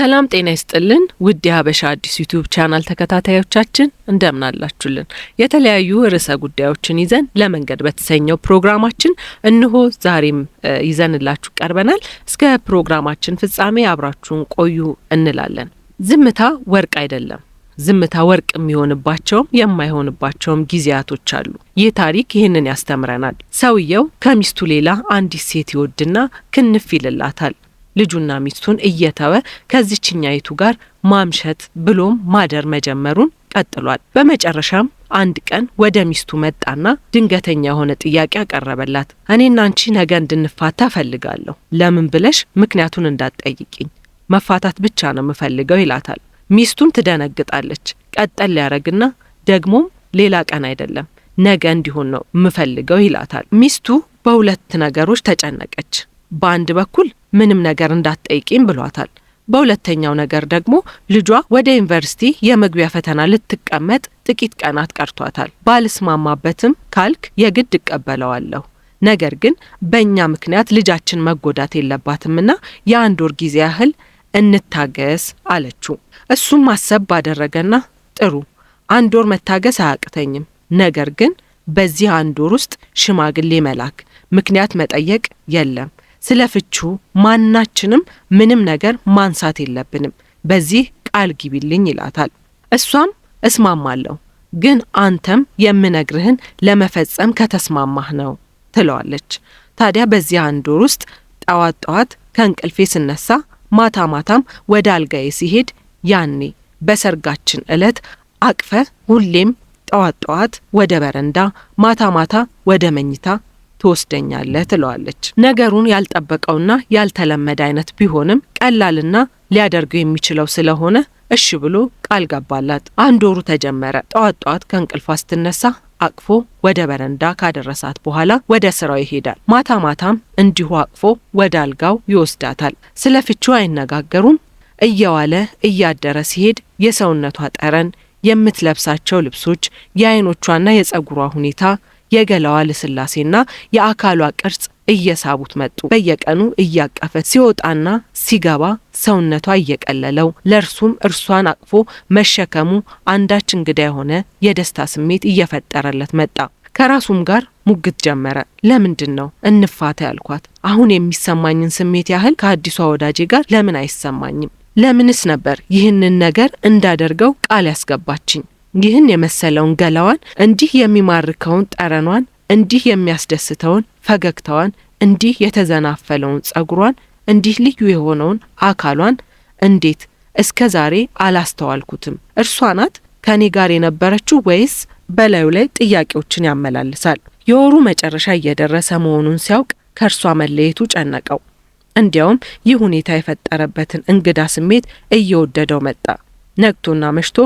ሰላም ጤና ይስጥልን ውድ የሀበሻ አዲስ ዩቱብ ቻናል ተከታታዮቻችን እንደምናላችሁልን የተለያዩ ርዕሰ ጉዳዮችን ይዘን ለመንገድ በተሰኘው ፕሮግራማችን እንሆ ዛሬም ይዘንላችሁ ቀርበናል። እስከ ፕሮግራማችን ፍጻሜ አብራችሁን ቆዩ እንላለን። ዝምታ ወርቅ አይደለም። ዝምታ ወርቅ የሚሆንባቸውም የማይሆንባቸውም ጊዜያቶች አሉ። ይህ ታሪክ ይህንን ያስተምረናል። ሰውየው ከሚስቱ ሌላ አንዲት ሴት ይወድና ክንፍ ይልላታል። ልጁና ሚስቱን እየተወ ከዚችኛይቱ ጋር ማምሸት ብሎም ማደር መጀመሩን ቀጥሏል። በመጨረሻም አንድ ቀን ወደ ሚስቱ መጣና ድንገተኛ የሆነ ጥያቄ አቀረበላት። እኔና አንቺ ነገ እንድንፋታ ፈልጋለሁ። ለምን ብለሽ ምክንያቱን እንዳትጠይቅኝ መፋታት ብቻ ነው የምፈልገው ይላታል። ሚስቱም ትደነግጣለች። ቀጠል ሊያረግና ደግሞም ሌላ ቀን አይደለም ነገ እንዲሆን ነው የምፈልገው ይላታል። ሚስቱ በሁለት ነገሮች ተጨነቀች። በአንድ በኩል ምንም ነገር እንዳትጠይቂም ብሏታል። በሁለተኛው ነገር ደግሞ ልጇ ወደ ዩኒቨርሲቲ የመግቢያ ፈተና ልትቀመጥ ጥቂት ቀናት ቀርቷታል። ባልስማማበትም ካልክ የግድ እቀበለዋለሁ፣ ነገር ግን በእኛ ምክንያት ልጃችን መጎዳት የለባትምና የአንድ ወር ጊዜ ያህል እንታገስ አለችው። እሱም ማሰብ ባደረገና ጥሩ አንድ ወር መታገስ አያቅተኝም፣ ነገር ግን በዚህ አንድ ወር ውስጥ ሽማግሌ መላክ ምክንያት መጠየቅ የለም ስለ ፍቹ ማናችንም ምንም ነገር ማንሳት የለብንም፣ በዚህ ቃል ግቢልኝ ይላታል። እሷም እስማማለሁ፣ ግን አንተም የምነግርህን ለመፈጸም ከተስማማህ ነው ትለዋለች። ታዲያ በዚህ አንድ ወር ውስጥ ጠዋት ጠዋት ከእንቅልፌ ስነሳ፣ ማታ ማታም ወደ አልጋዬ ሲሄድ ያኔ በሰርጋችን ዕለት አቅፈ ሁሌም ጠዋት ጠዋት ወደ በረንዳ ማታ ማታ ወደ መኝታ ትወስደኛለህ ትለዋለች። ነገሩን ያልጠበቀውና ያልተለመደ አይነት ቢሆንም ቀላልና ሊያደርገው የሚችለው ስለሆነ እሺ ብሎ ቃል ገባላት። አንድ ወሩ ተጀመረ። ጠዋት ጠዋት ከእንቅልፏ ስትነሳ አቅፎ ወደ በረንዳ ካደረሳት በኋላ ወደ ስራው ይሄዳል። ማታ ማታም እንዲሁ አቅፎ ወደ አልጋው ይወስዳታል። ስለ ፍቺው አይነጋገሩም። እየዋለ እያደረ ሲሄድ የሰውነቷ ጠረን፣ የምትለብሳቸው ልብሶች፣ የአይኖቿና የጸጉሯ ሁኔታ የገላዋ ልስላሴና የአካሏ ቅርጽ እየሳቡት መጡ። በየቀኑ እያቀፈ ሲወጣና ሲገባ ሰውነቷ እየቀለለው ለእርሱም እርሷን አቅፎ መሸከሙ አንዳች እንግዳ የሆነ የደስታ ስሜት እየፈጠረለት መጣ። ከራሱም ጋር ሙግት ጀመረ። ለምንድን ነው እንፋታ ያልኳት? አሁን የሚሰማኝን ስሜት ያህል ከአዲሷ ወዳጄ ጋር ለምን አይሰማኝም? ለምንስ ነበር ይህንን ነገር እንዳደርገው ቃል ያስገባችኝ? ይህን የመሰለውን ገላዋን፣ እንዲህ የሚማርከውን ጠረኗን፣ እንዲህ የሚያስደስተውን ፈገግታዋን፣ እንዲህ የተዘናፈለውን ጸጉሯን፣ እንዲህ ልዩ የሆነውን አካሏን እንዴት እስከ ዛሬ አላስተዋልኩትም? እርሷ ናት ከእኔ ጋር የነበረችው ወይስ? በላዩ ላይ ጥያቄዎችን ያመላልሳል። የወሩ መጨረሻ እየደረሰ መሆኑን ሲያውቅ ከእርሷ መለየቱ ጨነቀው። እንዲያውም ይህ ሁኔታ የፈጠረበትን እንግዳ ስሜት እየወደደው መጣ። ነግቶና መሽቶ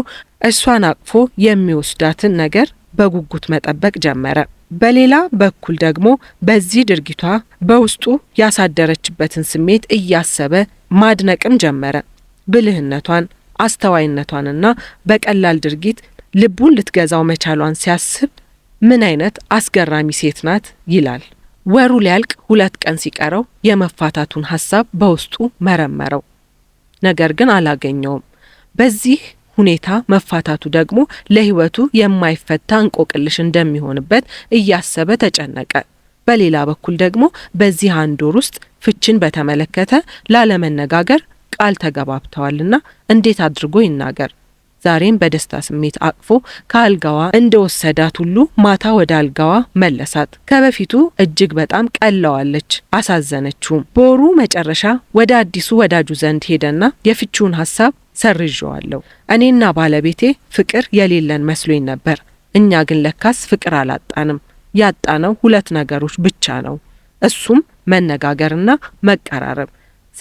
እሷን አቅፎ የሚወስዳትን ነገር በጉጉት መጠበቅ ጀመረ። በሌላ በኩል ደግሞ በዚህ ድርጊቷ በውስጡ ያሳደረችበትን ስሜት እያሰበ ማድነቅም ጀመረ። ብልህነቷን፣ አስተዋይነቷንና በቀላል ድርጊት ልቡን ልትገዛው መቻሏን ሲያስብ ምን አይነት አስገራሚ ሴት ናት ይላል። ወሩ ሊያልቅ ሁለት ቀን ሲቀረው የመፋታቱን ሀሳብ በውስጡ መረመረው፣ ነገር ግን አላገኘውም። በዚህ ሁኔታ መፋታቱ ደግሞ ለህይወቱ የማይፈታ እንቆቅልሽ እንደሚሆንበት እያሰበ ተጨነቀ። በሌላ በኩል ደግሞ በዚህ አንድ ወር ውስጥ ፍችን በተመለከተ ላለመነጋገር ቃል ተገባብተዋልና እንዴት አድርጎ ይናገር? ዛሬም በደስታ ስሜት አቅፎ ከአልጋዋ እንደወሰዳት ሁሉ ማታ ወደ አልጋዋ መለሳት። ከበፊቱ እጅግ በጣም ቀለዋለች፣ አሳዘነችውም። በወሩ መጨረሻ ወደ አዲሱ ወዳጁ ዘንድ ሄደና የፍቺውን ሀሳብ ሰርዤዋለሁ። እኔና ባለቤቴ ፍቅር የሌለን መስሎኝ ነበር። እኛ ግን ለካስ ፍቅር አላጣንም። ያጣነው ሁለት ነገሮች ብቻ ነው፣ እሱም መነጋገርና መቀራረብ።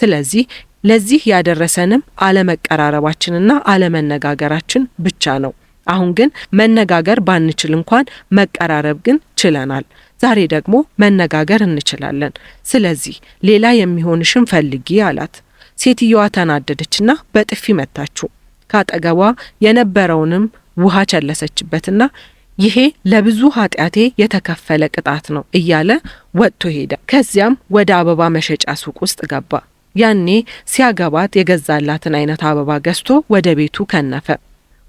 ስለዚህ ለዚህ ያደረሰንም አለመቀራረባችንና አለመነጋገራችን ብቻ ነው። አሁን ግን መነጋገር ባንችል እንኳን መቀራረብ ግን ችለናል። ዛሬ ደግሞ መነጋገር እንችላለን። ስለዚህ ሌላ የሚሆንሽን ፈልጊ አላት። ሴትየዋ ተናደደችና በጥፊ መታችው። ካጠገቧ የነበረውንም ውሃ ቸለሰችበትና ይሄ ለብዙ ኃጢአቴ የተከፈለ ቅጣት ነው እያለ ወጥቶ ሄደ። ከዚያም ወደ አበባ መሸጫ ሱቅ ውስጥ ገባ። ያኔ ሲያገባት የገዛላትን አይነት አበባ ገዝቶ ወደ ቤቱ ከነፈ።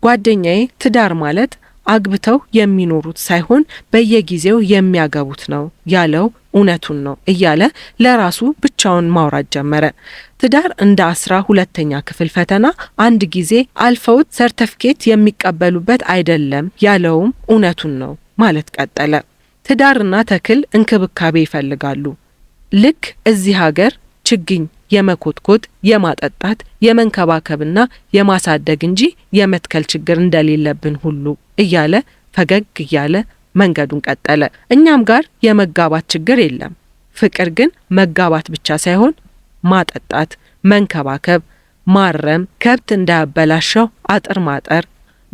ጓደኛዬ ትዳር ማለት አግብተው የሚኖሩት ሳይሆን በየጊዜው የሚያገቡት ነው ያለው እውነቱን ነው እያለ ለራሱ ብቻውን ማውራት ጀመረ። ትዳር እንደ አስራ ሁለተኛ ክፍል ፈተና አንድ ጊዜ አልፈውት ሰርተፍኬት የሚቀበሉበት አይደለም ያለውም እውነቱን ነው ማለት ቀጠለ። ትዳርና ተክል እንክብካቤ ይፈልጋሉ። ልክ እዚህ ሀገር ችግኝ የመኮትኮት የማጠጣት የመንከባከብና የማሳደግ እንጂ የመትከል ችግር እንደሌለብን ሁሉ እያለ ፈገግ እያለ መንገዱን ቀጠለ። እኛም ጋር የመጋባት ችግር የለም። ፍቅር ግን መጋባት ብቻ ሳይሆን ማጠጣት፣ መንከባከብ፣ ማረም፣ ከብት እንዳያበላሸው አጥር ማጠር፣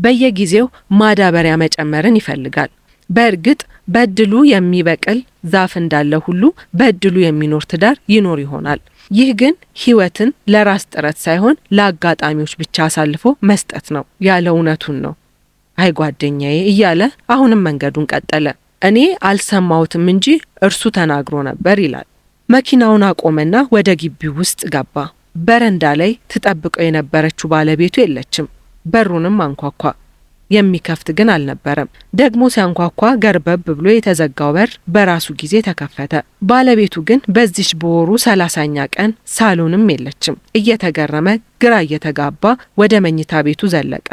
በየጊዜው ማዳበሪያ መጨመርን ይፈልጋል። በእርግጥ በእድሉ የሚበቅል ዛፍ እንዳለ ሁሉ በእድሉ የሚኖር ትዳር ይኖር ይሆናል። ይህ ግን ህይወትን ለራስ ጥረት ሳይሆን ለአጋጣሚዎች ብቻ አሳልፎ መስጠት ነው ያለ እውነቱን ነው። አይ ጓደኛዬ እያለ አሁንም መንገዱን ቀጠለ። እኔ አልሰማሁትም እንጂ እርሱ ተናግሮ ነበር ይላል። መኪናውን አቆመና ወደ ግቢው ውስጥ ገባ። በረንዳ ላይ ትጠብቀው የነበረችው ባለቤቱ የለችም። በሩንም አንኳኳ። የሚከፍት ግን አልነበረም። ደግሞ ሲያንኳኳ ገርበብ ብሎ የተዘጋው በር በራሱ ጊዜ ተከፈተ። ባለቤቱ ግን በዚች በወሩ ሰላሳኛ ቀን ሳሎንም የለችም። እየተገረመ ግራ እየተጋባ ወደ መኝታ ቤቱ ዘለቀ።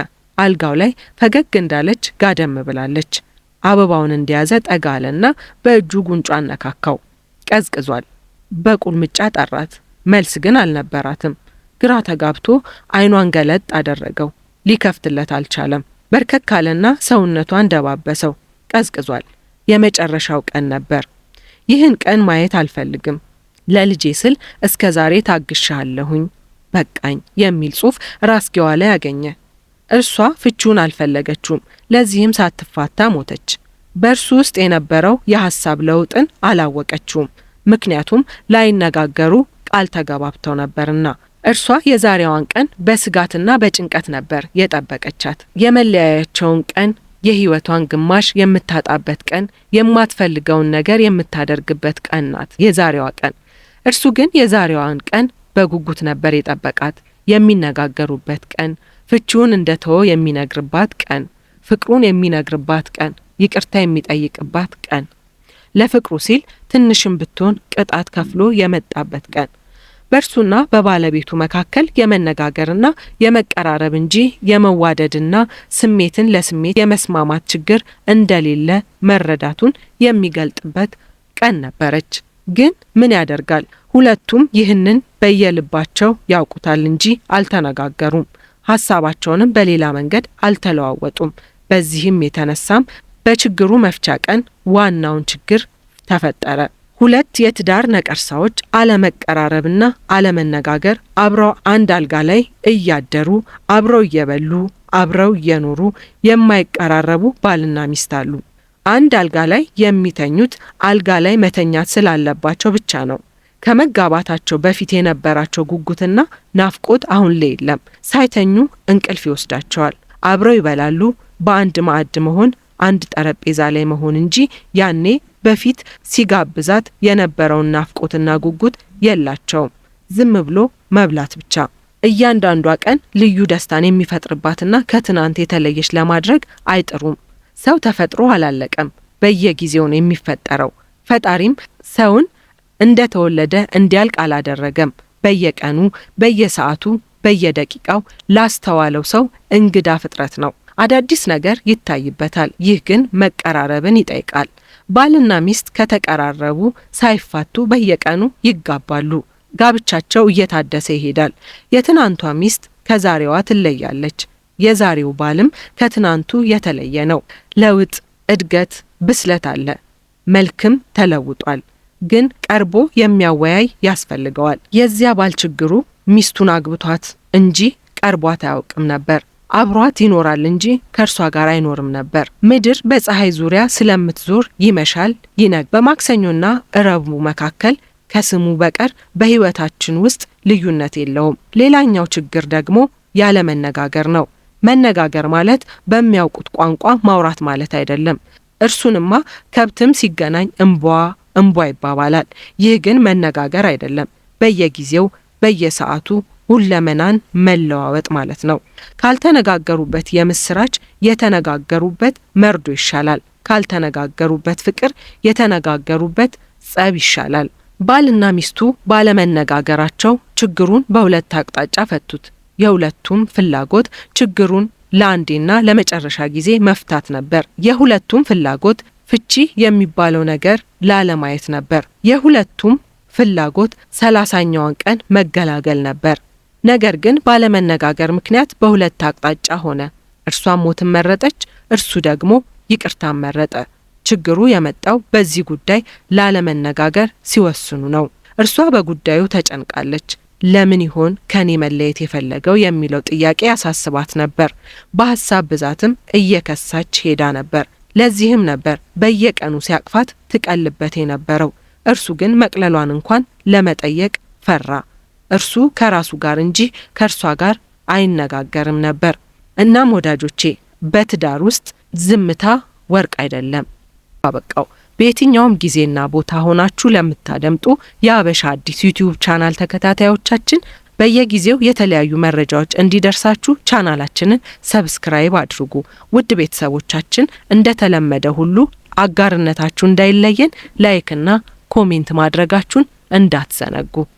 አልጋው ላይ ፈገግ እንዳለች ጋደም ብላለች። አበባውን እንደያዘ ጠጋ አለና በእጁ ጉንጯ ነካካው። ቀዝቅዟል። በቁልምጫ ጠራት። መልስ ግን አልነበራትም። ግራ ተጋብቶ አይኗን ገለጥ አደረገው። ሊከፍትለት አልቻለም። በርከት ካለና ሰውነቷ እንደባበሰው ቀዝቅዟል። የመጨረሻው ቀን ነበር። ይህን ቀን ማየት አልፈልግም። ለልጄ ስል እስከ ዛሬ ታግሻለሁኝ፣ በቃኝ የሚል ጽሑፍ ራስጌዋ ላይ አገኘ። እርሷ ፍቹን አልፈለገችውም። ለዚህም ሳትፋታ ሞተች። በእርሱ ውስጥ የነበረው የሀሳብ ለውጥን አላወቀችውም። ምክንያቱም ላይነጋገሩ ቃል ተገባብተው ነበርና እርሷ የዛሬዋን ቀን በስጋትና በጭንቀት ነበር የጠበቀቻት። የመለያያቸውን ቀን፣ የህይወቷን ግማሽ የምታጣበት ቀን፣ የማትፈልገውን ነገር የምታደርግበት ቀን ናት የዛሬዋ ቀን። እርሱ ግን የዛሬዋን ቀን በጉጉት ነበር የጠበቃት። የሚነጋገሩበት ቀን፣ ፍቺውን እንደተወ የሚነግርባት ቀን፣ ፍቅሩን የሚነግርባት ቀን፣ ይቅርታ የሚጠይቅባት ቀን፣ ለፍቅሩ ሲል ትንሽም ብትሆን ቅጣት ከፍሎ የመጣበት ቀን በእርሱና በባለቤቱ መካከል የመነጋገርና የመቀራረብ እንጂ የመዋደድና ስሜትን ለስሜት የመስማማት ችግር እንደሌለ መረዳቱን የሚገልጥበት ቀን ነበረች። ግን ምን ያደርጋል፣ ሁለቱም ይህንን በየልባቸው ያውቁታል እንጂ አልተነጋገሩም። ሀሳባቸውንም በሌላ መንገድ አልተለዋወጡም። በዚህም የተነሳም በችግሩ መፍቻ ቀን ዋናውን ችግር ተፈጠረ። ሁለት የትዳር ነቀርሳዎች አለመቀራረብና አለመነጋገር አብረው አንድ አልጋ ላይ እያደሩ አብረው እየበሉ አብረው እየኖሩ የማይቀራረቡ ባልና ሚስት አሉ። አንድ አልጋ ላይ የሚተኙት አልጋ ላይ መተኛት ስላለባቸው ብቻ ነው። ከመጋባታቸው በፊት የነበራቸው ጉጉትና ናፍቆት አሁን ላይ የለም። ሳይተኙ እንቅልፍ ይወስዳቸዋል። አብረው ይበላሉ። በአንድ ማዕድ መሆን አንድ ጠረጴዛ ላይ መሆን እንጂ ያኔ በፊት ሲጋብዛት የነበረውን ናፍቆትና ጉጉት የላቸውም። ዝም ብሎ መብላት ብቻ። እያንዳንዷ ቀን ልዩ ደስታን የሚፈጥርባትና ከትናንት የተለየች ለማድረግ አይጥሩም። ሰው ተፈጥሮ አላለቀም፣ በየጊዜው ነው የሚፈጠረው። ፈጣሪም ሰውን እንደተወለደ እንዲያልቅ አላደረገም። በየቀኑ፣ በየሰዓቱ፣ በየደቂቃው ላስተዋለው ሰው እንግዳ ፍጥረት ነው። አዳዲስ ነገር ይታይበታል። ይህ ግን መቀራረብን ይጠይቃል። ባልና ሚስት ከተቀራረቡ ሳይፋቱ በየቀኑ ይጋባሉ። ጋብቻቸው እየታደሰ ይሄዳል። የትናንቷ ሚስት ከዛሬዋ ትለያለች። የዛሬው ባልም ከትናንቱ የተለየ ነው። ለውጥ፣ እድገት፣ ብስለት አለ። መልክም ተለውጧል። ግን ቀርቦ የሚያወያይ ያስፈልገዋል። የዚያ ባል ችግሩ ሚስቱን አግብቷት እንጂ ቀርቧት አያውቅም ነበር። አብሯት ይኖራል እንጂ ከእርሷ ጋር አይኖርም ነበር። ምድር በፀሐይ ዙሪያ ስለምትዞር ይመሻል ይነግ በማክሰኞና እረቡ መካከል ከስሙ በቀር በሕይወታችን ውስጥ ልዩነት የለውም። ሌላኛው ችግር ደግሞ ያለ መነጋገር ነው። መነጋገር ማለት በሚያውቁት ቋንቋ ማውራት ማለት አይደለም። እርሱንማ ከብትም ሲገናኝ እምቧ እምቧ ይባባላል። ይህ ግን መነጋገር አይደለም። በየጊዜው በየሰዓቱ ሁለመናን መለዋወጥ ማለት ነው። ካልተነጋገሩበት የምስራች የተነጋገሩበት መርዶ ይሻላል። ካልተነጋገሩበት ፍቅር የተነጋገሩበት ጸብ ይሻላል። ባልና ሚስቱ ባለመነጋገራቸው ችግሩን በሁለት አቅጣጫ ፈቱት። የሁለቱም ፍላጎት ችግሩን ለአንዴና ለመጨረሻ ጊዜ መፍታት ነበር። የሁለቱም ፍላጎት ፍቺ የሚባለው ነገር ላለማየት ነበር። የሁለቱም ፍላጎት ሰላሳኛዋን ቀን መገላገል ነበር። ነገር ግን ባለመነጋገር ምክንያት በሁለት አቅጣጫ ሆነ። እርሷም ሞትን መረጠች፣ እርሱ ደግሞ ይቅርታን መረጠ። ችግሩ የመጣው በዚህ ጉዳይ ላለመነጋገር ሲወስኑ ነው። እርሷ በጉዳዩ ተጨንቃለች። ለምን ይሆን ከኔ መለየት የፈለገው የሚለው ጥያቄ ያሳስባት ነበር። በሀሳብ ብዛትም እየከሳች ሄዳ ነበር። ለዚህም ነበር በየቀኑ ሲያቅፋት ትቀልበት የነበረው። እርሱ ግን መቅለሏን እንኳን ለመጠየቅ ፈራ። እርሱ ከራሱ ጋር እንጂ ከእርሷ ጋር አይነጋገርም ነበር። እናም ወዳጆቼ በትዳር ውስጥ ዝምታ ወርቅ አይደለም። አበቃው። በየትኛውም ጊዜና ቦታ ሆናችሁ ለምታደምጡ የአበሻ አዲስ ዩቲዩብ ቻናል ተከታታዮቻችን በየጊዜው የተለያዩ መረጃዎች እንዲደርሳችሁ ቻናላችንን ሰብስክራይብ አድርጉ። ውድ ቤተሰቦቻችን እንደተለመደ ሁሉ አጋርነታችሁ እንዳይለየን ላይክና ኮሜንት ማድረጋችሁን እንዳትዘነጉ።